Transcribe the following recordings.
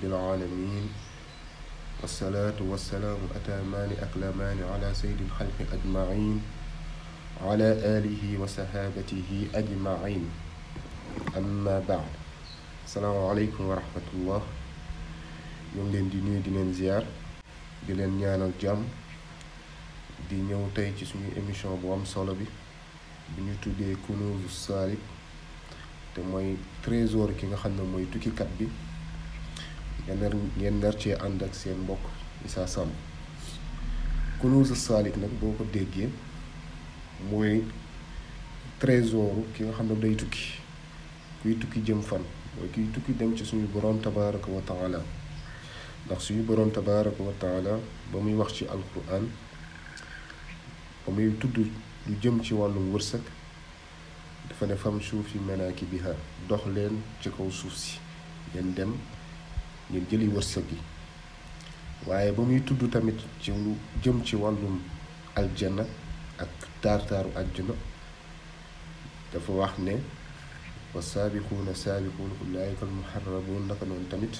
rabbil alamin wassalaatu wassalaamu ataamaani aklamaani ala sayyidil xalqi ajmain ala alihi wa sahaabatihi ajmain amma baad salaamaaleykum wa rahmatullah ñu ngi leen di nuyu di leen ziar di leen ñaanal jàmm di ñëw tey ci suñu émission bu am solo bi bu ñu tuddee kunuuzu saalik te mooy trésor ki nga xam ne mooy tukkikat bi ngeen ngeen nar cee ànd ak seen mbokk Issa Samb kunuusu saalik nag boo ko déggee mooy trésor ki nga xam ne day tukki kuy tukki jëm fan mooy kuy tukki dem ci suñu borom tabaraka wa taala ndax suñu borom tabaraka wa ba muy wax ci alquran ba muy tudd lu jëm ci wàllum wërsëg dafa ne fam suuf yi manaaki biha dox leen ci kaw suuf si ngeen dem ñu jëli wërsëg yi waaye ba muy tudd tamit ci jëm ci wàllum aljanna ak taar-taaru àjjana dafa wax ne wa saabiquuna saabiquun ulaayika almuxarrabuun naka noonu tamit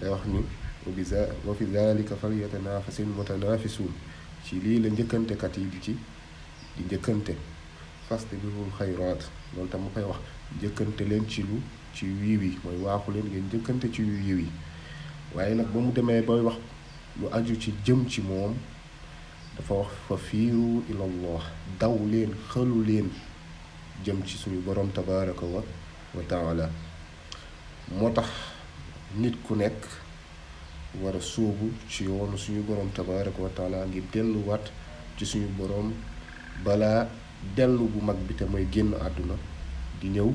day wax ni wa fi dalika falyatanaafasil mutanaafisuun ci lii la njëkkantekat yi di ci di njëkkante faste bihul xayraat loolu tam ma koy wax jëkkante leen ci lu ci wiiw yi mooy waaxu leen ngeen jëkkante ci yu yiw yi waaye nag ba mu demee booy wax lu aju ci jëm ci moom dafa wax fa fiiru ilallah daw leen xëlu leen jëm ci suñu boroom tabaraka wa wa taala moo tax nit ku nekk war a ci yoonu suñu boroom tabaraka wa taala ngir delluwaat ci suñu boroom balaa dellu bu mag bi te mooy génn àdduna di ñëw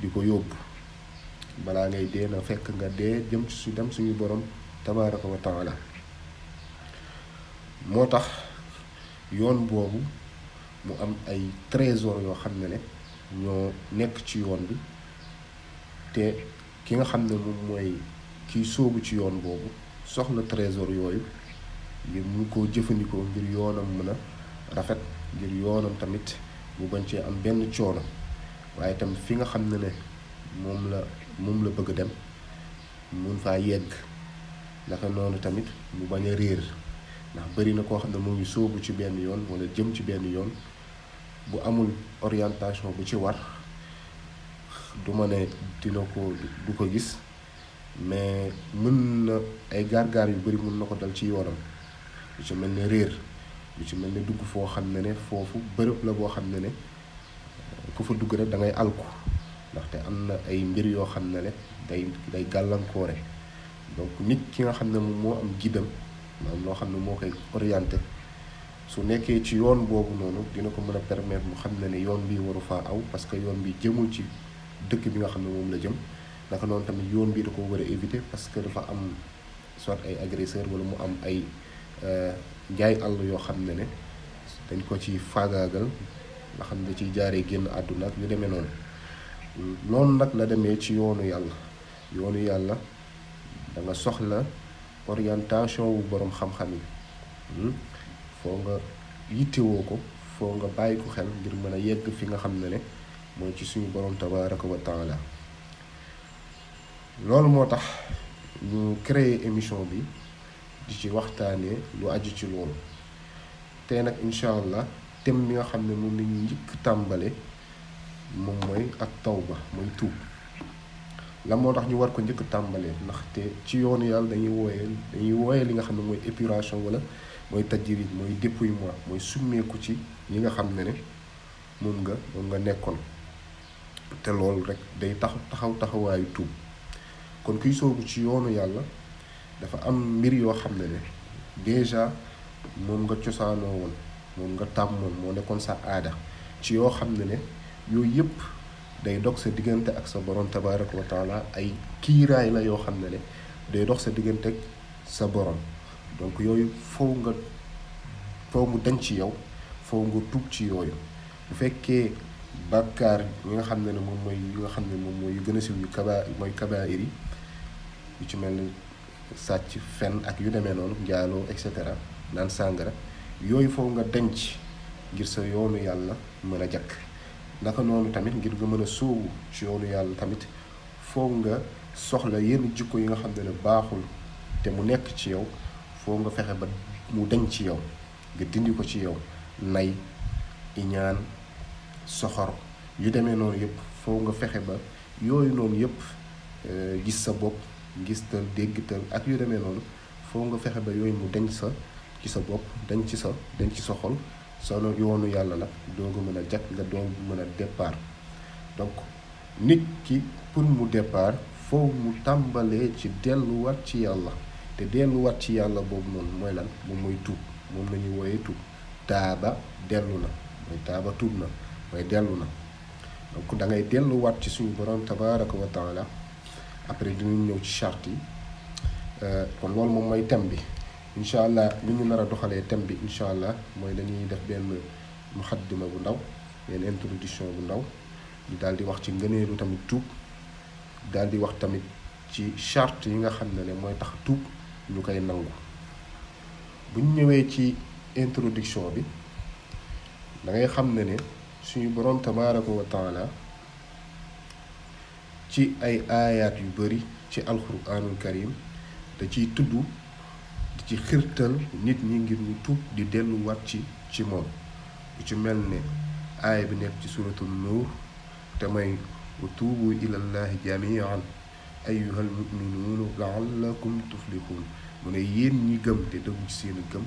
di ko yóbbu balaa ngay dee na fekk nga dee jëm ci su dem suñu borom tabaaraka wa taala moo tax yoon boobu mu am ay trésor yoo xam ne ne ñoo nekk ci yoon bi te ki nga xam ne moom mooy kiy sóobu ci yoon boobu soxla trésor yooyu ngir mu ko jëfandikoo ngir yoonam mën a rafet ngir yoonam tamit mu bañ cee am benn coono waaye itam fi nga xam ne ne moom la moom la bëgg dem mun faa yegg naka noonu tamit mu bañ a réer ndax bari na koo xam ne mu ngi soobu ci benn yoon wala jëm ci benn yoon bu amul orientation bu ci war du ma ne dina ko du ko gis mais mën na ay gaar-gaar yu bari mën na ko dal ci yoonam lu ci mel ne réer lu ci mel ne dugg foo xam ne ne foofu bërëb la boo xam ne ne ku fa dugg rek da ngay alku ndaxte am na ay mbir yoo xam ne ne day day gàllankoore donc nit ki nga xam ne moom moo am giddam maanaam loo xam ne moo koy orienté su nekkee ci yoon boobu noonu dina ko mën a permettre mu xam ne ne yoon bii waru faa aw parce que yoon bii jëmul ci dëkk bi nga xam ne moom la jëm naka noonu tamit yoon bii da ko war a éviter parce que dafa am soit ay agresseur wala mu am ay euh, jaay àll yoo xam ne ne dañ ko ci faagaagal nga xam ne ciy jaaree génn àdduna ak yu demee noonu noonu nag la demee ci yoonu yàlla yoonu yàlla da soxla orientation wu boroom xam-xam yi hmm? foo nga yittewoo ko foo nga bàyyi ko xel ngir mën a yegg fi nga xam ne ne mooy ci suñu boroom tabaraka wa taala loolu moo tax ñu créer émission bi di ci waxtaanee lu aju ci loolu tey nag incha allah thème mi nga xam ne moom la ñuy njëkk tàmbale moom mooy ak taw tawba mooy tuub la moo tax ñu war ko njëkk tàmbalee ndax te ci yoonu yàlla dañuy wooyee dañuy wooyee li nga xam ne mooy épuration wala mooy tajrid mooy dépouillement mooy summeeku ci ñi nga xam ne ne moom nga moom nga nekkoon te loolu rek day tax taxaw taxawaayu tuub kon kuy soogu ci yoonu yàlla dafa am mbir yoo xam ne ne déjà moom nga cosaanoo woon moom nga tàmmoon moo nekkoon sa aada ci yoo xam ne ne yooyu yëpp day dox sa diggante ak sa borom tabaraka wa ay kiiraay la yoo xam ne ne day dox sa diggante ak sa borom donc yooyu foo nga foo mu dañ ci yow foo nga tuub ci yooyu bu fekkee bàkkaar yi nga xam ne ne moom mooy yi nga xam ne moom mooy yu gën a siw yu kaba mooy kabaa'ir yi yu ci mel ni sàcc fen ak yu demee noonu njaaloo et cetera naan sàngara yooyu foofu nga denc ngir sa yoonu yàlla mën a jakk ndaxa noonu tamit ngir nga mën a sóobu ci yoonu yàlla tamit foofu nga soxla yenn jikko yi nga xam ne baaxul te mu nekk ci yow foofu nga fexe ba mu deñ ci yow nga dindi ko ci yow nay iñaan soxor yu demee noonu yëpp foofu nga fexe ba yooyu noonu yëpp euh, gis sa bopp gistal déggtal ak yu demee noonu foo nga fexe ba yooyu mu deñ sa ci sa bopp denc ci sa denc ci sa xol solo yoonu yàlla la dooga mën a jag nga doog mën a départ donc nit ki pour mu départ foo mu tàmbalee ci delluwaat ci yàlla te delluwaat ci yàlla boobu noonu mooy lan moom mooy tuub moom la ñuy wooyee tuub taaba dellu na mooy taaba tuub na mooy dellu na donc da ngay delluwaat ci suñu borom tabaraka wa taala après dinañ ñëw ci charte yi euh, kon loolu moom mooy thème bi incha allah li ñu nar a doxalee thème bi incha allah mooy dañuy def benn muxaddima bu ndaw benn introduction bu ndaw ñu daal di wax ci ngëneelu tamit tuub daal di wax tamit ci charte yi nga xam ne ne mooy tax tuub ñu koy nangu buñ ñëwee ci introduction bi da ngay xam ne ne suñu boroom tabaaraka wa taala ci ay aayaat yu bari ci alxuraanul karim da ci tudd di ci xirtal nit ñi ngir ñu tuub di delluwaat ci ci moom lu ci mel ni aaya bi nekk ci suratul nuur te may wa tuubu ilallahi jamian ayyuhal muminuuna laallakum tuflixuun mu ne yéen ñi gëm te dëggu ci seen gëm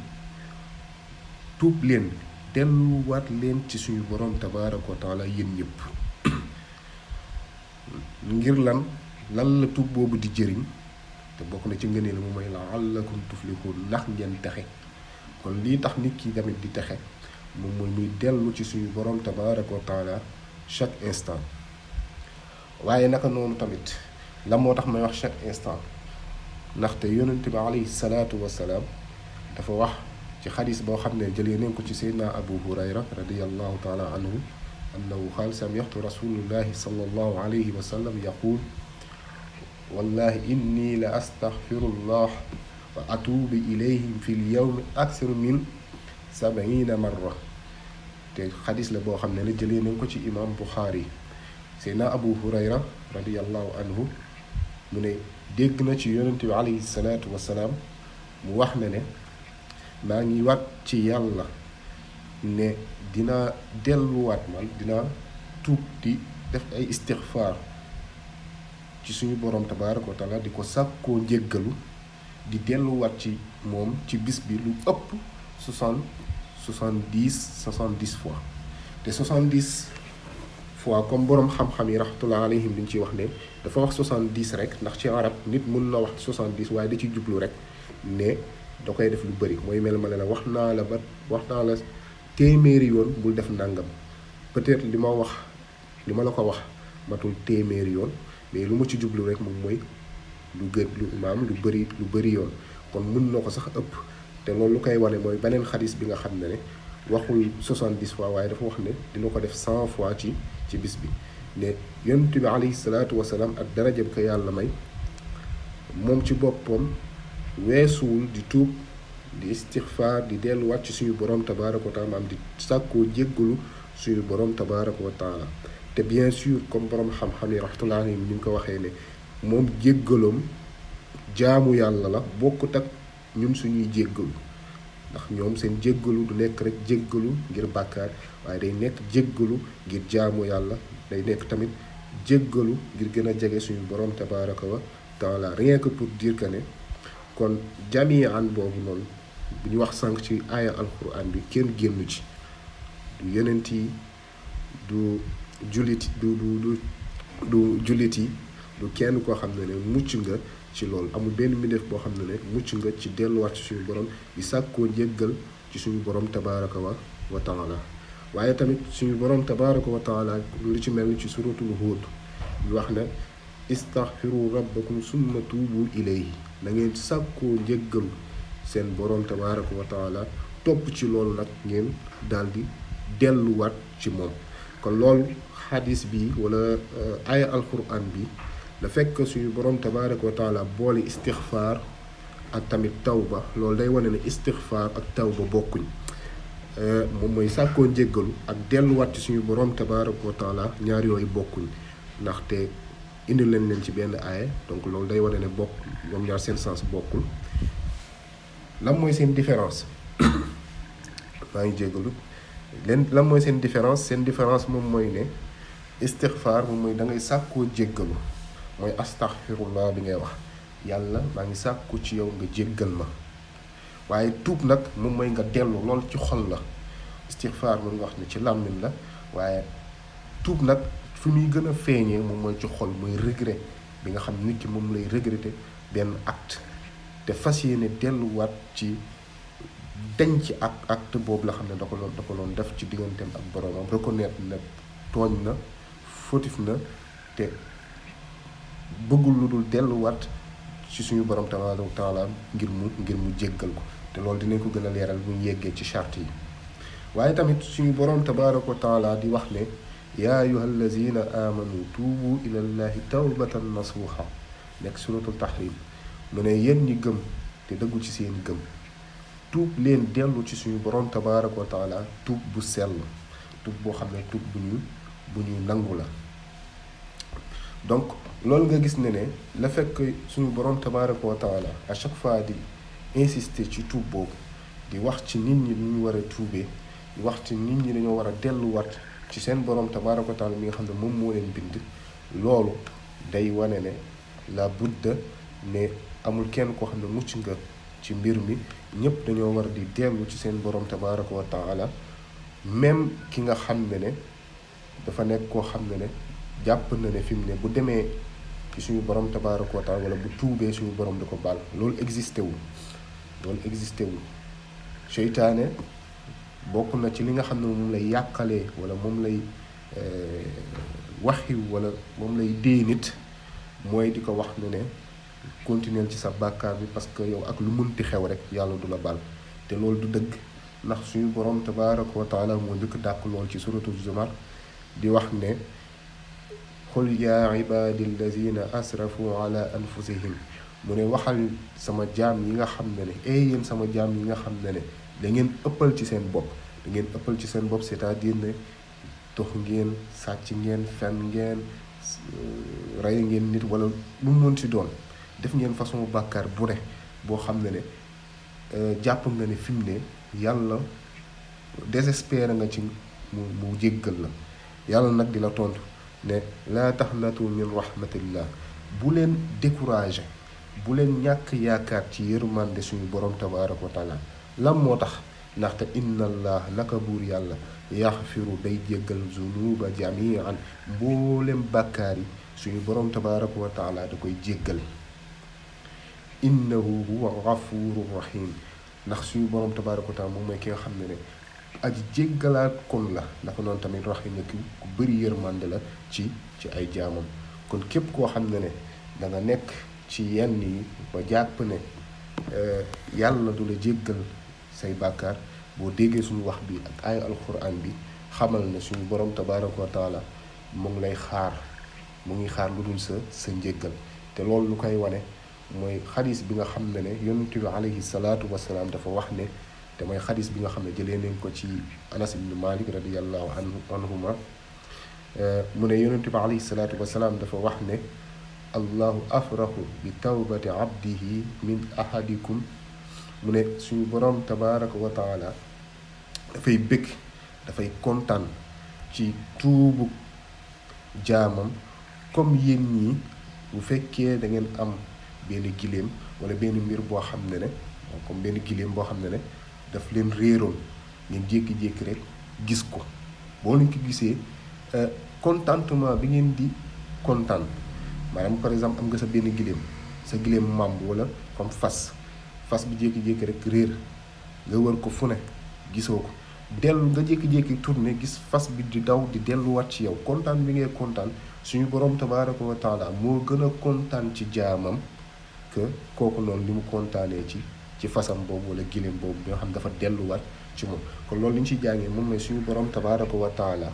tuub leen delluwaat leen ci suñu borom tabaaraka wa taala yéen ñëpp ngir lan lan la tub boobu di jëriñ te bokk na ci ngëneel mu may la allakum tuflihun ndax ngeen texe kon lii tax nit ki tamit di texe moom mooy dellu ci suñu borom tabaraka wa taala chaque instant waaye naka noonu tamit la moo tax may wax chaque instant ndaxte yonent bi alayhi salaatu wasalaam dafa wax ci xadis boo xam ne jëlee nañ ko ci seydna abu hurayra radiallahu taala anhu أنه قال سمعت رسول الله صلى الله عليه وسلم يقول والله إني لأستغفر الله وأتوب إليه في اليوم أكثر من سبعين مرة te xadis la boo xam ne la jëlee nañ ko ci imam Buxaari Seydina Abu Hurayra radiallahu anhu mu ne dégg na ci yonente bi alayhi salaatu mu wax ne ne maa ngi wat ci yàlla ne dina delluwaat ma dina tuub def ay istixfaar ci suñu borom tabaaraka wa taala di ko sàkkoo njéggalu di delluwaat ci moom ci bis bi lu ëpp soixante soixante dix soixante dix fois te soixante dix fois comme borom xam-xam yi rahmatullah alayhim li ñu ciy wax ne dafa wax soixante dix rek ndax ci arab nit mun na wax soixante dix waaye da ci jublu rek ne da koy def lu bëri mooy mel ma ne la wax naa la ba wax naa la. téeméeri yoon bul def nangam peut-être li ma wax li ma la ko wax matul téeméeri yoon mais lu ma ci jublu rek moom mooy lu gën lu maam lu bëri lu bëri yoon kon mën na ko sax ëpp te loolu lu koy wane mooy beneen xadis bi nga xam ne ne waxul 70 fois waaye dafa wax ne dina ko def cent fois ci ci bis bi ne yonent bi alayhi salaatu wasalaam ak daraja bi ko yàlla may moom ci boppam weesuwul di tuub di istixfaar di delluwaat ci suñu borom tabaraka wa taala maam di sàkkoo jéggalu suñu borom tabaraka wa taala te bien sûr comme borom xam-xam yi rahmatullahi alayhim ñu ko waxee ne moom jéggalam jaamu yàlla la bokkut ak ñun suñuy jéggalu ndax ñoom seen jéggalu du nekk rek jéggalu ngir bàkkaar waaye day nekk jéggalu ngir jaamu yàlla day nekk tamit jéggalu ngir gën a jege suñu borom tabaraka wa taala rien que pour dire que ne kon jamian boobu noonu bu ñu wax sànq ci aaya alquran bi kenn génnu ci du yenent yi du jullit yi du kenn koo xam ne ne mucc nga ci lool amul benn mi def boo xam ne ne mucc nga ci delluwaat ci suñu borom di sàkkoo njëgal ci suñu borom tabaraka wa wa taala waaye tamit suñu borom tabaraka wa taala lu ci mel ni ci suratul Hud bi wax ne istaghfiru rabbakum summa tuubu ilayhi na ngeen sàkkoo njëggalu seen boroom tabaaraka wa taala topp ci loolu nag ngeen daal di delluwaat ci moom kon lool xadis bi walla euh, aaya alquran bi da fekk suñu boroom tabaaraka wa taala boole istixfaar ak tamit taw ba loolu day wane ne istixfaar ak taw ba bokkuñ euh, moom mooy sàkkoo njéggalu ak delluwaat ci suñu boroom tabaaraka wa taala ñaar yooyu bokkuñ ndaxte indi leen leen ci benn aaya donc loolu day wane ne bokk ñoom ñaar seen sens bokkul lan mooy seen différence maa ngi jégalu len lan mooy seen différence seen différence moom mooy ne istixfaar moom mooy da ngay sàkkoo jéggalu mooy astaxfirullah bi ngay wax yàlla maa ngi sàkku ci yow nga jéggal ma waaye tuub nag moom mooy nga dellu lool ci xol la istixfaar moom nga wax ne ci làmbin la waaye tuub nag fi muy gën a feeñee moom mooy ci xol mooy regret bi nga xam nit ki moom lay regretter benn acte te fas yéene delluwaat ci denc ak acte boobu la xam ne da ko doon da ko doon def ci digganteem ak boroomam reconnaître na tooñ na fautif na te bëggul lu dul delluwaat ci suñu borom tabaaraka wa taala ngir mu ngir mu jéggal ko te loolu dinañ ko gën a leeral bu ñu ci charte yi waaye tamit suñu borom tabaaraka wa taala di wax ne yaa ayuha allazina amanu tuubu ila llahi tawbatan nasuha nekk suratul tahrim mu ne yéen ñi gëm te dëggu ci seen gëm tuub leen dellu ci suñu boroom tabaaraka wa taala tuub bu sell tuub boo xam ne tuub bu ñu bu ñu nangu la donc loolu nga gis ne ne la fekk suñu borom tabaaraka wa taala chaque fois di insister ci tuub boobu di wax ci nit ñi lu ñu war a tuubee di wax ci nit ñi dañoo war a delluwaat ci seen borom tabaaraka wa taala mi nga xam ne moom moo leen bind loolu day wane ne la budda ne amul kenn koo xam ne mucc nga ci mbir mi ñëpp dañoo war di dellu ci seen borom tabaraka wa taala même ki nga xam ne ne dafa nekk koo xam ne ne jàpp na ne fi mu ne bu demee ci suñu borom tabaraka wa taala bu tuubee suñu borom di ko baal loolu existé wul loolu existé wul seytaane bokk na ci li nga xam ne moom lay yàqalee wala moom lay eh, waxi wala moom lay dee nit mooy di ko wax ne ne continuer ci sa bàkkaar bi parce que yow ak lu mënti xew rek yàlla du la baal te loolu du dëgg ndax suñu borom tabaaraka wa moo njëkk dàq lool ci suratu zumar di wax ne xul yaa ibaadi alladina asrafu ala anfusihim mu ne waxal sama jaam yi nga xam ne ne ey eh sama jaam yi nga xam ne ne da ngeen ëppal ci seen bopp da ngeen ëppal ci seen bopp cest à ne tox ngeen sàcc ngeen fen ngeen rey ngeen nit wala lu mu mën ci doon def ngeen façon bàkkaar bu ne boo xam ne ne euh, jàpp nga ne fi ne yàlla désespéré nga ci mu mu jéggal la yàlla nag di la tontu ne laa tax taxnatu min rahmatillah bu leen découragé bu leen ñàkk yaakaar ci yëru yërmande suñu borom tabaraka wa taala lan moo tax ndaxte inna allah naka buur yàlla yaxfiru day jéggal zunuba jamian mboolem bàkkaar yi suñu borom tabaraka wa taala da koy jéggal innahu huwa ghafuru rahim ndax suñu borom tabaaraka taala moom mooy ki nga xam ne ne aji jéggalaat kon la naka noonu tamit rahim la ki ku bari yërmande la ci ci ay jaamam kon képp koo xam ne ne da nekk ci yenn yi ba jàpp ne euh, yàlla du la jéggal say bàkkaar boo déggee suñu wax bi ak ay alquran bi xamal ne suñu borom tabaaraka taala mu ngi lay xaar mu ngi xaar lu dul sa sa njéggal te loolu lu koy wane mooy xadis bi nga xam ne ne yonent bi alayhi salaatu wasalaam dafa wax ne te mooy xadis bi nga xam ne jëlee nañ ko ci anas ibnu malik radiallahu anhu anhuma euh, mu ne yonent bi alayhi salaatu wasalaam dafa wax ne allahu afrahu bi tawbati abdihi min ahadikum mu ne suñu boroom tabaraka wa taala dafay bëgg dafay kontaan ci tuubu jaamam comme yi ñi bu fekkee da ngeen am benn giléem wala benn mbir boo xam ne ne comme benn giléem boo xam ne ne daf leen réeroon ngeen jékki-jékki rek gis ko boo leen ko gisee euh, contentement bi ngeen di kontaan maanaam par exemple am sa benn giléem sa giléem màmb wala comme fas fas bi jékki-jékki rek réer nga wër ko fu ne gisoo ko dellu nga jékki-jékki tourné gis fas bi di daw di delluwaat ci yow kontaan bi ngay kontaan suñu borom tabaaraka wa taala moo gën a kontaan ci jaamam kooku loolu li mu kontaanee ci ci fasam boobu wala gileem boobu ñoo xam ne dafa delluwaat ci moom kon loolu li ñu ci jàngee moom mooy suñu borom tabaaraka wa taala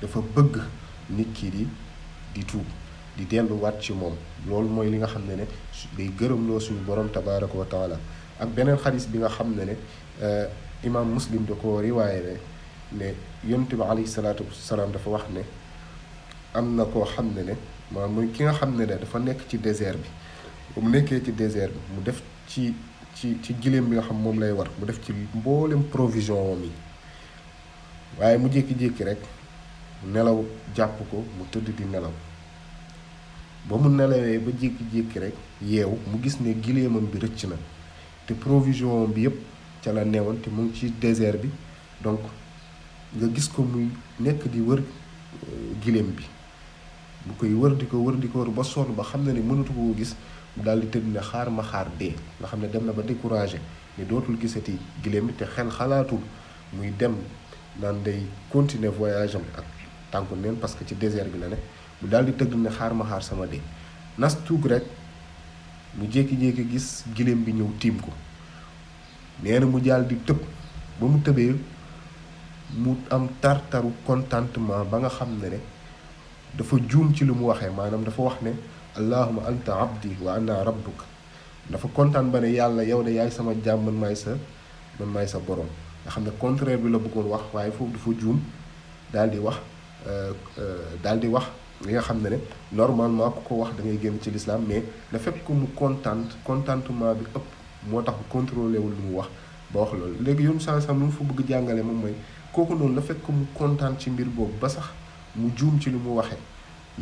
dafa bëgg nit ki di di tuub di delluwaat ci moom loolu mooy li nga xam ne ne day gërëmloo suñu borom tabaaraka wa taala ak beneen xadis bi nga xam ne ne euh, imaam muslim da ko riwaaye ne ne yonent bi alayhi salaatu wasalaam dafa wax ne am na koo xam ne ne maanaam mooy ki nga xam ne ne dafa nekk ci désert bi bu mu nekkee ci désert bi mu def ci ci ci giléem bi nga xam moom lay war mu def ci mboolem provision am waaye mu jékki-jékki rek nelaw jàpp ko mu tëdd di nelaw ba mu nelawee ba jékki-jékki rek yeew mu gis ne giléemam bi rëcc na te provision bi yëpp ca la neewoon te mu ci désert bi donc nga gis ko muy nekk di wër euh, giléem bi mu koy wër di ko wër di ko wër ba sonn ba xam na ne mënatu koo gis daal di tëdd ne xaar ma xaar dee nga xam ne dem na ba découragé ne dootul gisati giléem te xel xalaatul muy dem naan day continuer voyage ak tànku neen parce que ci désert bi la ne mu daal di tëdd ne xaar ma sama dee nas tuug rek mu jékki-jékki gis giléem bi ñëw tiim ko nee mu daal di tëb ba mu tëbee mu am tartaru contentement ba nga xam ne ne dafa juum ci li mu waxee maanaam dafa wax ne allahuma anta abdi waa ana rabbuka dafa kontaan ba ne yàlla yow de yaay sama jaam man maay sa man maay sa borom nga xam ne contraire bi la bëggoon wax waaye foofu dafa juum daal di wax euh, euh, daal di wax li nga xam ne ne normalement ku ko wax da ngay génn ci lislaam mais na fekk ko mu kontaan contentement bi ëpp moo tax contrôlé wul lu mu wax ba wax loolu léegi yoonu sansam lu mu fa bëgg jàngale moom mooy kooku noonu na fekk ko mu kontaan ci mbir boobu ba sax mu juum ci li mu waxee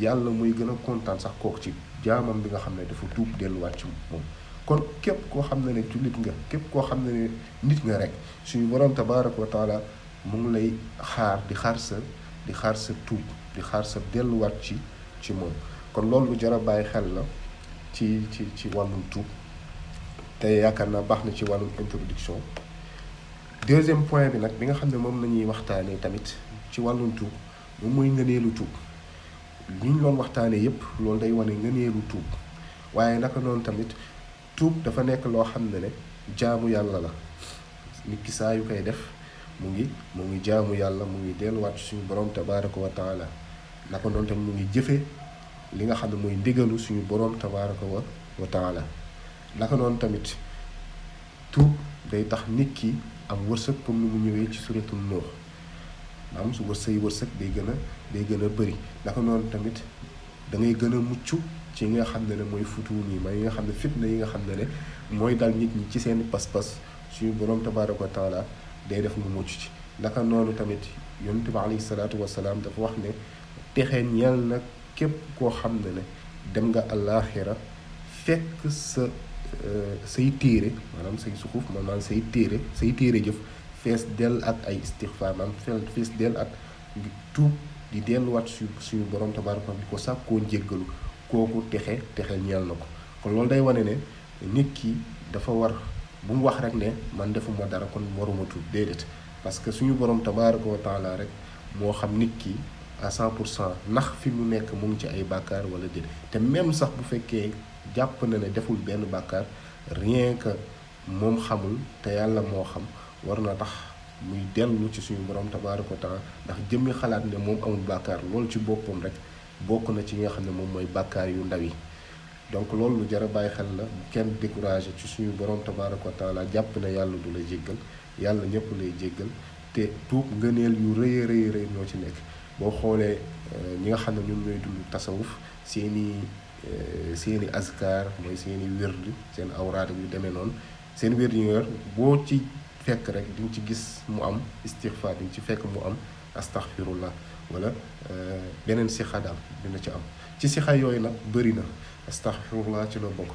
yàlla muy gën a kontaan sax kooku ci jaamam bi nga xam ne dafa tuub delluwaat ci moom kon képp koo xam ne ne jullit nga képp koo xam ne ne nit nga rek suñu borom tabaaraka wa taala mu ngi lay xaar di xaar sa di xaar sa tuub di xaar sa delluwaat ci ci moom kon loolu lu jar a bàyyi xel la ci ci ci wàllum tuub te yaakaar naa baax na ci wàllum introduction deuxième point bi nag bi nga xam ne moom la ñuy waxtaanee tamit ci wàllum tuub moom mooy ngëneelu tuub li ñu doon waxtaanee yépp loolu day wane ngëneelu tuub waaye naka noonu tamit tuub dafa nekk loo xam ne ne jaamu yàlla la nit ki saa yu koy def mu ngi mu ngi jaamu yàlla mu ngi delluwaat suñu borom tabaraka wa taala naka noonu tamit mu ngi jëfe li nga xam ne mooy ndigalu suñu borom tabaraka wa wa taala naka noonu tamit tuub day tax nit ki am wërsëg comme ni mu ñëwee ci suratul Nuux maanaam su wërsëg wërsëg day gën a day gën a bëri naka noonu tamit da ngay gën a mucc ci nga xam ne ne mooy futuun nii may yi nga xam ne fitna yi nga xam ne ne mooy dal nit ñi ci seen pas-pas suñu borom tabaaraka wa taala day def mu mucc ci naka noonu tamit yonent bi alayhi salaatu wasalaam dafa wax ne texe ñeel na képp koo xam ne ne dem nga àllaaxira fekk sa euh, say téere maanaam say suxuf maanaam say téere say téere jëf fees dell ak ay istixfaar maam fees dell ak di tuub di delluwaat su suñu borom tabaraka di ko sàkkoo njéggalu kooku texe texe ñeel na ko kon loolu day wane ne nit ki dafa war bu mu wax rek ne man defuma dara kon waruma tuub déedéet parce que suñu borom tabaraka wa taala rek moo xam nit ki à cent pour cent ndax fi mu nekk mu ngi ci ay bàkkaar wala déet te même sax bu fekkee jàpp na ne deful benn bàkkaar rien que moom xamul te yàlla moo xam war na tax muy dellu ci suñu borom tabaaraka wa taala ndax jëmmi xalaat ne moom amul bàkkaar loolu ci boppam rek bokk na ci nga xam ne moom mooy bàkkaar yu ndaw yi donc loolu lu jar bàyyi xel la kenn découragé ci suñu borom tabaaraka wa taala jàpp na yàlla du la jéggal yàlla ñëpp lay jéggal te tuub ngëneel yu rëy a rëy ñoo ci nekk boo xoolee euh, ñi nga xam ne ñoom ñooy dund tasawuf seeni euh, seeni azkar mooy seeni wérd seen awraat yu demee noonu seen wérd yi nga yor fekk rek di nga ci gis mu am istixfar di nga ci fekk mu am astaxfirullah wala euh, beneen sixa daal dina ci am ci sixa yooyu nag bëri na astaxfirullah ci la bokk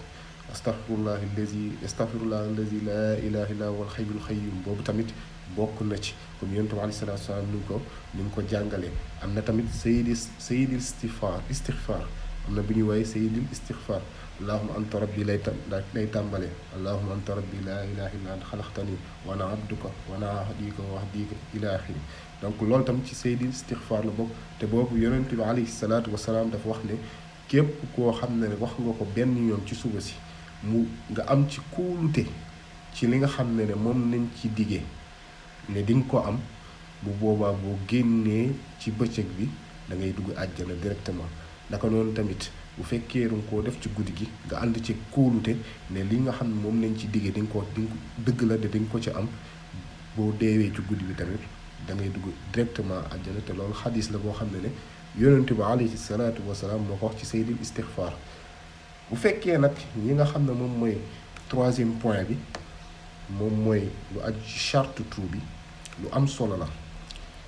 astaxfirullah allazi astaxfirullah allazi laa ilaha illa huwal xayyul xayyum boobu tamit bokk na ci comme yonent bi aleyhi salaatu salaam ni ko ni ko jàngalee am na tamit sayidi sayidil istixfar istixfar am na bu ñuy wooye sayidil istixfar allahuma anta rabbi lay tam daa lay tàmbale allahuma anta rabbi laa ilaha illa anta xalaxtani wa ana abduka wa ana ahdika wa ahdika ila axiri donc loolu tam ci seydi istixfaar la bokk te boobu yonente bi alayhi salaatu wasalaam dafa wax ne képp koo xam ne wax nga ko benn yoon ci suba si mu nga am ci kuulute ci li nga xam ne ne moom nañ ci diggee ne di ko am bu boobaa boo génnee ci bëccëg bi dangay ngay dugg àjjana directement naka noonu tamit bu fekkee nga koo def ci guddi gi nga ànd ci kóolute ne li nga xam ne moom lañ ci diggee di nga ko di dëgg la de di nga ci am boo deewee ci guddi bi tamit da ngay dugg directement àjjana te loolu xadis la boo xam ne ne yonent bi alayhi salaatu wasalaam moo ko wax ci saydil istixfaar bu fekkee nag ñi nga xam ne moom mooy troisième point bi moom mooy lu aju ci charte tuub bi lu am solo la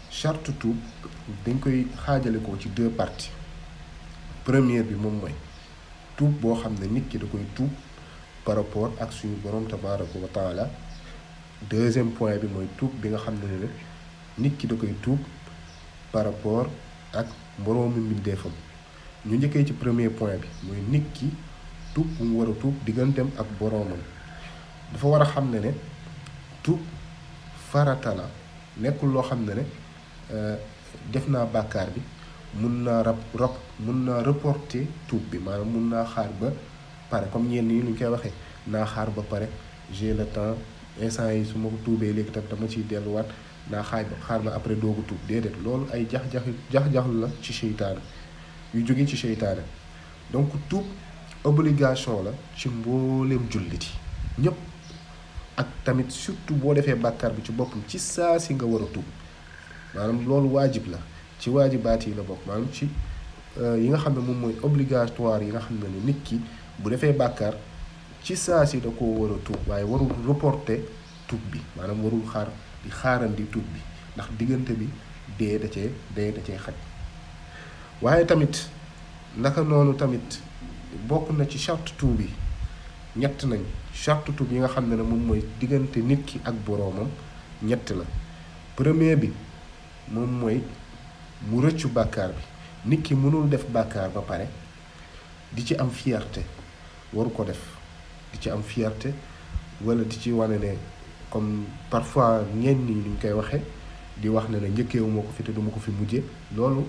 charte tuub dañ koy xaajale xaajalikoo ci deux parties première bi moom mooy tuub boo xam ne nit ki da koy tuub par rapport ak suñu borom tabaraka wa taala deuxième point bi mooy tuub bi nga xam ne ne nit ki da koy tuub par rapport ak moroomu mbindeefam ñu njëkkee ci premier point bi mooy nit ki tuub bu mu war a tuub digganteem ak boroomam dafa war a xam ne ne tuub farata la nekkul loo xam ne ne euh, def naa bàkkaar bi mun naa rab rab mun naa reporter tuub bi maanaam mun naa xaar ba pare comme ñenn yi ñu koy waxee naa xaar ba pare j'ai le temps instant yi su ma ko tuubee léegi tam dama ciy delluwaat naa xaar ba xaar ba après doogu tuub déedéet loolu ay jax-jax jax la ci seytaane yu jóge ci seytaane donc tuub obligation la ci mbooleem jullit yi ñëpp ak tamit surtout boo defee bàkkaar bi ci boppam ci saa si nga war a tuub maanaam loolu waajib la ci waajibaat yi la bokk maanaam ci euh, yi nga xam ne moom mooy obligatoire yi nga xam ne ne nit ki bu defee bàkkaar ci saa si da ko war a tuub waaye warul reporter tuub bi maanaam warul xaar di xaarandi tuub bi ndax diggante bi dee da cee dee da cee xaj waaye tamit naka noonu tamit bokk na ci charte tuub bi ñett nañ charte tuub yi nga xam ne ne moom mooy diggante nit ki ak boroomam ñett la premier bi moom mooy mu rëccu bàkkaar bi nit ki mënul def bàkkaar ba pare di ci am fierté waru ko def di ci am fierté wala di ci wane ne comme parfois ngeen ñi ñu koy waxee di wax ne ne njëkkeewu moo ko fi te duma ko fi mujje loolu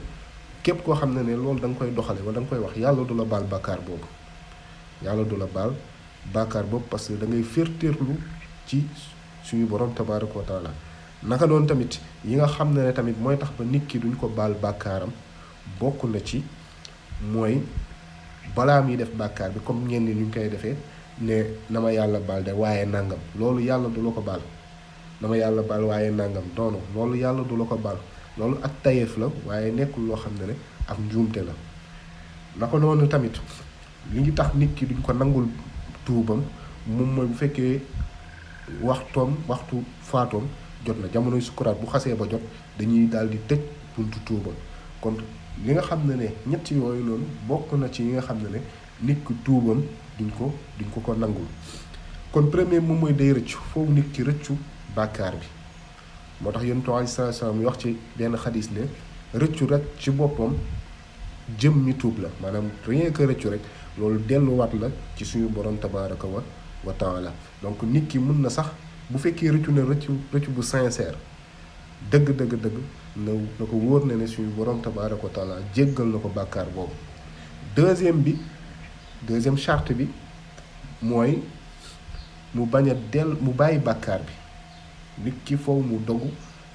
képp koo xam ne ne loolu da nga koy doxale wala da koy wax yàlla du la baal bàkkaar boobu yàlla du la baal bàkkaar boobu parce que da ngay firtirlu ci suñu borom tabaraka wa taala naka doon tamit yi nga xam ne ne tamit mooy tax ba nit ki duñ ko baal bàkkaaram bokk na ci mooy balaa muy def bàkkaar bi comme ngeen ni ñu koy defee ne na ma yàlla baal de waaye nangam loolu yàlla du la ko baal na yàlla baal waaye nangam doono loolu yàlla du la ko baal loolu ak tayeef la waaye nekkul loo xam ne ne ak njuumte la naka noonu tamit li ngi tax nit ki duñ ko nangul tuubam moom mooy bu fekkee waxtoom waxtu faatoom jot na jamonoy sukkuraat bu xasee ba jot dañuy daal di tëj buntu tuuba kon li nga xam ne ne ñett yooyu noonu bokk na ci yi nga xam ne ne nit ku tuubam duñ ko duñ ko ko nangul kon premier moom mooy day rëccu foofu nit ki rëccu bàkkaar bi moo tax yonent alayhi salaatu salaam mu wax ci benn xadis ne rëccu rek ci boppam jëm mi tuub la maanaam rien que rëccu rek loolu delluwaat la ci suñu borom tabaaraka wa wa taala donc nit ki mun na sax bu fekkee rëccu na rëccu bu sincère dëgg dëgg dëgg na na ko wóor na ne suñu borom tabaaraka wa taala jéggal na ko bàkkaar boobu deuxième bi deuxième charte bi mooy mu bañ a dell mu bàyyi bàkkaar bi nit ki foofu mu dogu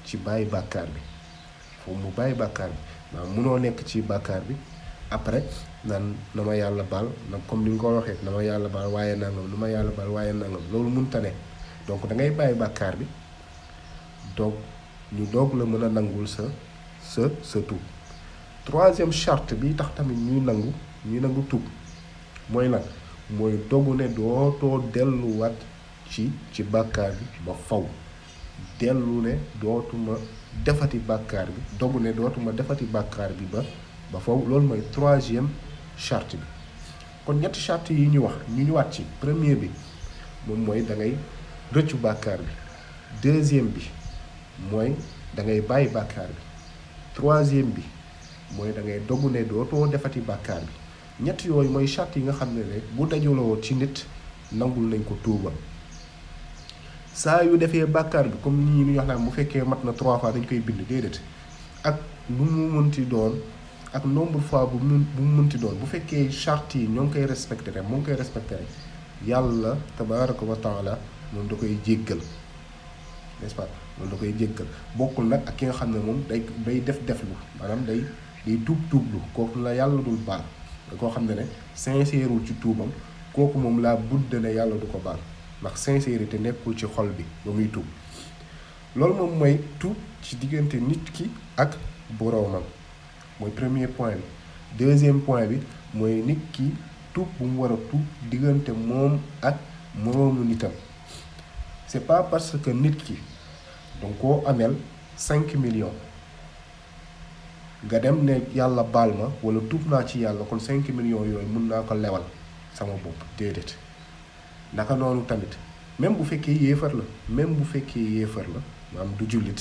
ci bàyyi bàkkaar bi foofu mu bàyyi bàkkaar bi maanaam munoo nekk ci bàkkaar bi après nan na ma yàlla baal na comme ni nga ko waxee na ma yàlla baal waaye nangam na ma yàlla baal waaye nangam loolu mun ne donc da ngay bàyyi bàkkaar bi donc ñu doog la mën a nangul sa sa sa tuub troisième charte bi tax tamit ñuy nangu ñuy nangu tuub mooy nag mooy dogu ne dootoo delluwaat ci ci bàkkaar bi ba faw dellu ne dootuma defati bàkkaar bi dogu ne dootuma defati bàkkaar bi ba ba faw loolu mooy troisième charte bi kon ñetti charte yi ñu wax ñu ñëwaat ci premier bi moom mooy da rëccu bàkkaar bi deuxième bi mooy dangay bàyyi bàkkaar bi troisième bi mooy da ngay dogu ne dootoo defati bàkkaar bi ñett yooyu mooy charte yi nga xam ne rek bu dajaloo ci nit nangul nañ ko tuuba saa yu defee bàkkaar bi comme ni ñu wax naan bu fekkee mat na trois fois dañ koy bind déedéet ak nu mu mënti doon ak nombre fois bu mu bu mu doon bu fekkee charte yi ñoo ngi koy respecté rek moo ngi koy respecté rek yàlla tabaraka wa taala loolu da koy jéggal n'est-ce loolu da koy jéggal bokkul nag ak ki nga xam ne moom day day def lu maanaam day day tuub tuublu kooku la yàlla dul baal koo xam ne ne sincèreul ci tuubam kooku moom laa budde ne yàlla du ko baal ndax sincérité nekkul ci xol bi ba muy tuub loolu moom mooy tuub ci diggante nit ki ak boroomam mooy premier point bi deuxième point bi mooy nit ki tuub bu mu war a tuub diggante moom ak moroomu nitam c'est pas parce que nit ki danga koo ameel cinq millions nga dem ne yàlla baal ma wala tuub naa ci yàlla kon cinq millions yooyu mun naa ko lewal sama bopp déedéet naka noonu tamit même bu fekkee yéefar la même bu fekkee yéefar la maanaam du jullit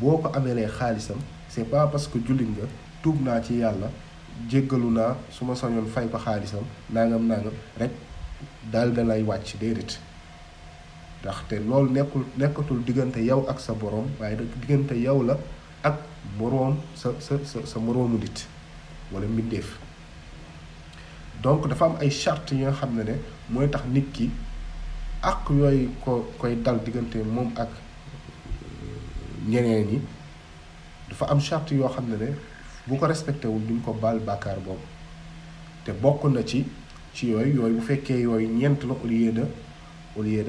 boo ko ameelee xaalisam c'est pas parce que jullit nga tuub naa ci yàlla jéggalu naa su ma sañoon fay ko xaalisam nangam nangam rek daal da lay wàcc déedéet ndaxte loolu nekkul nekkatul diggante yow ak sa boroom waaye nag diggante yow la ak moroom sa sa sa moroomu nit walla mbindéef donc dafa am ay charte yi nga xam ne ne mooy tax nit ki ak yooyu ko koy dal diggante moom ak ñeneen yi dafa am charte yoo xam ne ne bu ko respecté wul duñ ko baal bàkkaar boobu te bokk na ci ci yooyu yooyu bu fekkee yooyu ñeent la au lieu de au lieu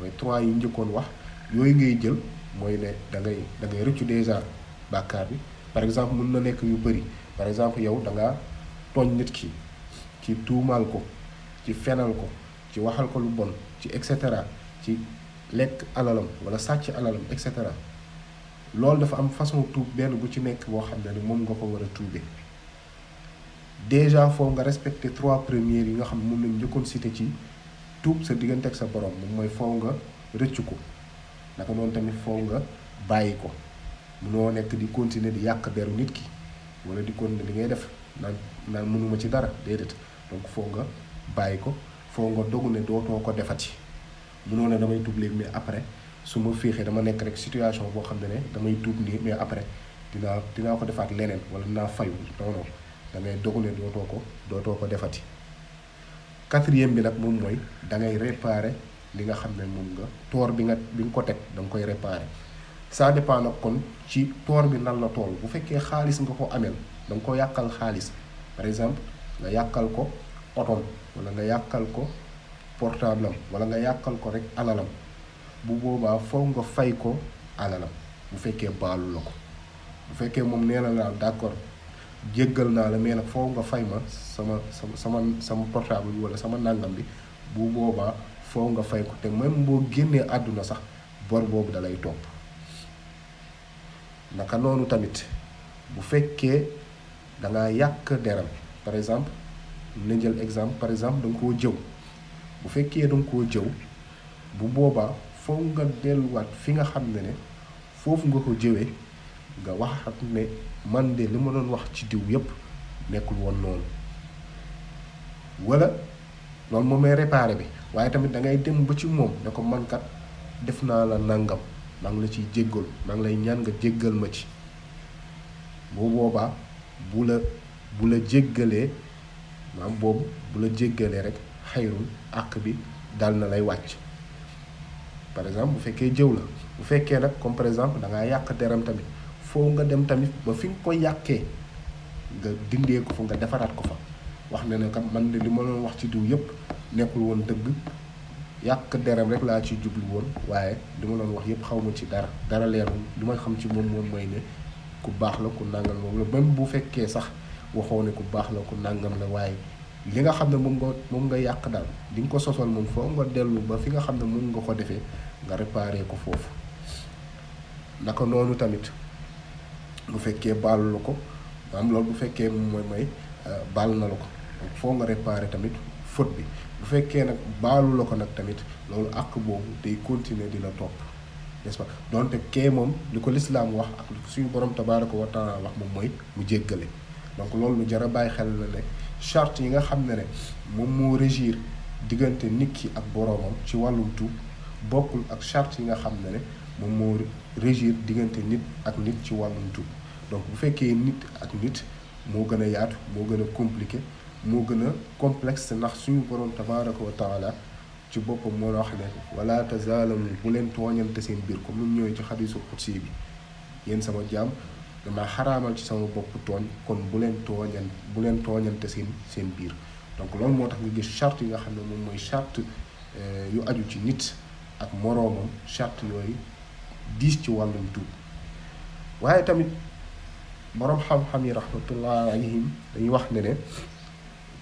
mooy trois yi njëkkoon wax yooyu ngay jël mooy ne da ngay da rëccu déjà bàkkaar bi par exemple mën na nekk yu bëri par exemple yow da ngaa tooñ nit ki ci tuumaal ko ci fenal ko ci waxal ko lu bon ci et cetera ci lekk alalam wala sàcc alalam et cetera loolu dafa am façon tuub benn bu ci nekk boo xam ne ni moom nga ko war a tuubee déjà foo nga respecté trois premières yi nga xam ne moom lañ njëkkoon cité ci tuub sa diggante ak sa borom moom mooy faw nga rëccu ko naka noonu tamit faw nga bàyyi ko noo nekk di continuer di yàq deru nit ki wala di continuer di ngay def naan naan mënuma ci dara déedéet donc faw nga bàyyi ko faw nga dogu ne dootoo ko defati munoo ne damay tuub léegi mais après su ma féexee dama nekk rek situation boo xam ne ne damay tuub nii mais après dinaa dinaa ko defaat leneen wala dinaa fayu non non dogu ne dootoo ko dootoo ko defati. quatrième bi nag moom mooy da ngay réparer li nga xam ne moom nga toor bi nga bi nga ko teg da nga koy réparer ça dépend nag kon ci toor bi nal na tool bu fekkee xaalis nga ko ameel da nga ko yàqal xaalis par exemple nga yàqal ko otom wala nga yàqal ko portable am wala nga yàqal ko rek alalam bu boobaa faw nga fay ko alalam bu fekkee baalu la ko bu fekkee moom nee na daal d'accord jéggal naa la mais nag foofu nga fay ma sama sama sama sama portable bi wala sama nàngam bi bu boobaa foofu nga fay ko te même boo génnee àdduna sax bor boobu dalay topp naka noonu tamit bu fekkee dangaa yàq deram par exemple na jël exemple par exemple da koo jëw bu fekkee da koo jëw bu boobaa foofu nga delluwaat fi nga xam ne ne foofu nga ko jëwee nga wax ak ne man de li ma doon wax ci diw yépp nekkul woon noonu wala loolu moom may bi waaye tamit da ngay dem ba ci moom ne ko mankat def naa la nangam maa la ciy jéggal maa lay ñaan nga jéggal ma ci bu boobaa bu la bu la jéggalee maam boobu bu la jéggalee rek xayrul àq bi dal na lay wàcc par exemple bu fekkee jëw la bu fekkee nag comme par exemple da ngaa yàq deram tamit. foo nga dem tamit ba fi nga ko yàqee nga dindee ko fa nga defaraat ko fa wax na ne kam man de li ma doon wax ci diw yëpp nekkul woon dëgg yàq deram rek laa ci jublu woon waaye li ma doon wax yëpp xaw ma ci dara dara leerul li may xam ci moom moom mooy ne ku baax la ku nàngam moom la bu fekkee sax waxoo ne ku baax la ku nàngam la waaye li nga xam ne moom nga moom nga yàq daal li nga ko sosal moom foo nga dellu ba fi nga xam ne moom nga ko defee nga réparé ko foofu naka noonu tamit bu fekkee baalu ko am loolu bu fekkee mooy may euh, baal na la ko foo nga réparer tamit faute bi bu fekkee nag baalu la ko nag tamit loolu àq boobu day continuer di la topp n'est-ce donte kee moom li ko lislaam wax ak suñu borom tabaaraka wa taala wax moom mooy mu jéggale donc loolu lu jar a bàyyi xel la ne charte yi nga xam ne ne moom moo régir diggante nit ki ak boroomam ci wàllum tuub bokkul ak charte yi nga xam ne ne moom moo régir diggante nit ak nit ci wàllum tuub donc bu fekkee nit ak nit moo gën a yaatu moo gën a compliqué moo gën a complexe ndax suñu borom tabaraka wa taala ci boppam moo la wax ne wala tazaalamu bu leen tooñante seen biir comme mu ñëwee ci xadisu xutsi bi yéen sama jaam dama xaraamal ci sama bopp tooñ kon bu leen tooñan bu leen tooñante seen seen biir donc loolu moo tax nga gis charte yi nga xam ne moom mooy charte euh, yu aju ci nit ak moroomam chart yooyu diis ci wàllum tuub waaye tamit boroom xam-xam yi rahmatullah alayhim dañuy wax ne ne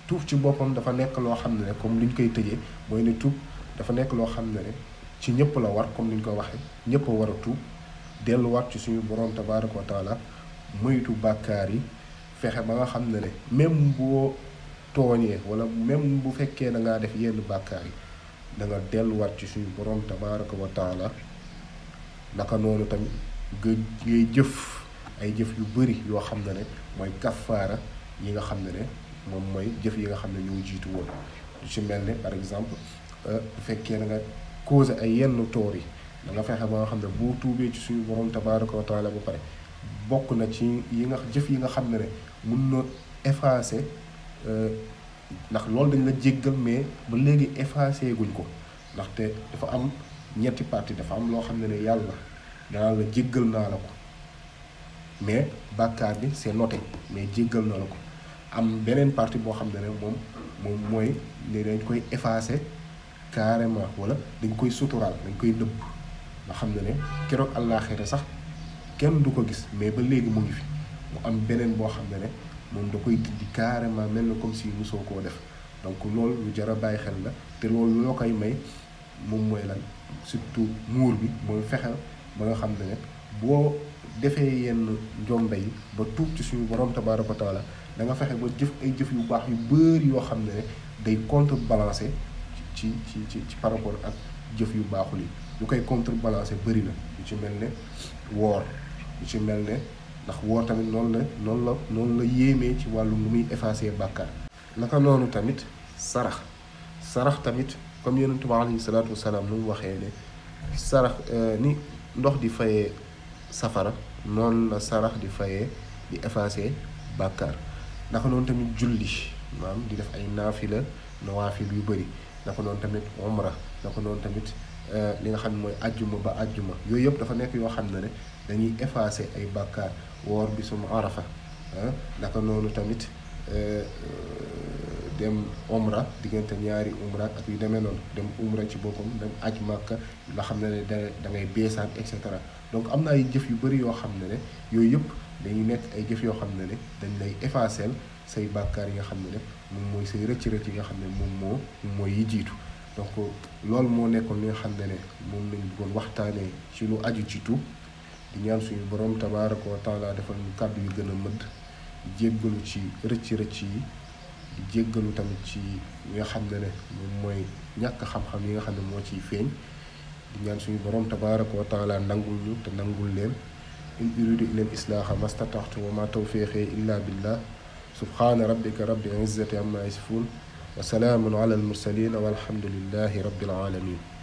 tuub ci boppam dafa nekk loo xam ne ne comme li ñu koy tëjee mooy ne tuub dafa nekk loo xam ne ne ci ñëpp la war comme ni ñu ko waxee ñëpp a war a tuub delluwaat ci suñu borom tabaraka wa taala moytu bàkkaar yi fexe ba nga xam ne ne même boo tooñee wala même bu fekkee da ngaa def yenn bàkkaar yi da nga delluwaat ci suñu borom tabaraka wa naka noonu tamit nga ngay jëf ay jëf yu bëri yoo xam ne ne mooy kafaara ñi nga xam ne ne moom mooy jëf yi nga xam ne ñoo jiitu woon lu ci mel ne par exemple euh, bu fekkee na nga causé ay yenn toor yi da nga fexe ba nga xam ne boo tuubee ci suñu borom tabaraka wa taala ba pare bokk na ci yi nga jëf yi nga xam ne ne mun na effacer euh, ndax loolu dañ la jéggal mais ba léegi effacé guñ ko ndaxte dafa am ñetti parti dafa am loo xam ne ne yàlla danaa la jéggal naa la ko mais bàkkaar bi c'est noté mais jéggal na la ko am beneen partie boo xam ne rek moom moom mooy ne dañ koy effacer carrément wala dañ koy suturaal dañ koy nëbb nga xam ne ne keroog àllaaxira sax kenn du ko gis mais ba léegi mu ngi fi mu am beneen boo xam ne ne moom da koy dindi carrément mel na comme si mosoo koo def donc loolu lu jar a bàyyi xel la te loolu loo koy may moom mooy lan surtout muur bi mooy fexeel ba nga xam ne ne boo defee yenn jombe yi ba tuub ci suñu borom tabaaraka wa taala fexe ba jëf ay jëf yu baax yu bëri yoo xam ne rek day contrebalancer ci ci ci ci par ak jëf yu baaxul yi lu koy contre contrebalancer bëri na lu ci mel ne woor lu ci mel ne ndax woor tamit noonu la noonu la noonu la yéemee ci wàllum lu muy effacer bàkkaar naka noonu tamit sarax sarax tamit comme yonent bi alayhi salaatu wasalaam lu mu waxee ne sarax euh, ni ndox di fayee safara noonu la sarax di fayee di effacer bàkkaar naka noonu tamit julli maam di def ay naafila nawaafil yu bëri naka noonu tamit omra naka noonu tamit euh, li nga xam ne mooy ajjuma ba àjjuma yooyu yëpp dafa nekk yoo xam ne ne dañuy effacer ay bàkkaar woor bi sum arafa naka noonu tamit euh, euh, dem omra diggante ñaari umra ak yu demee noonu dem umra ci boppam dem aj màkka la xam ne ne da da ngay beesaan et cetera donc am na ay jëf yu bëri yoo xam ne ne yooyu yëpp dañuy nekk ay jëf yoo xam ne ne dañ lay effacer say bàkkaar yi nga xam ne ne moom mooy say rëcc-rëcc yi nga xam ne moom moo moom mooy yi jiitu donc loolu moo nekkoon li nga xam ne ne moom lañ bëggoon waxtaanee ci lu aju ci tuub di ñaan suñu borom tabaaraka wa laa defal ñu kàddu yu gën a mëdd jéggalu ci rëcc-rëcc yi jéggalu tamit ci li xam ne ne moom mooy ñàkk xam-xam yi nga xam ne moo ciy feeñ di ñaan suñu borom tabaraka wa taala nangul ñu te nangul leen in uridu ilal islaaha mastataxtu wa ma tawfiqi illa billah subhaana rabbika rabbil izzati amma yasifun wa salaamun ala al mursalin walhamdulillahi rabbil alamin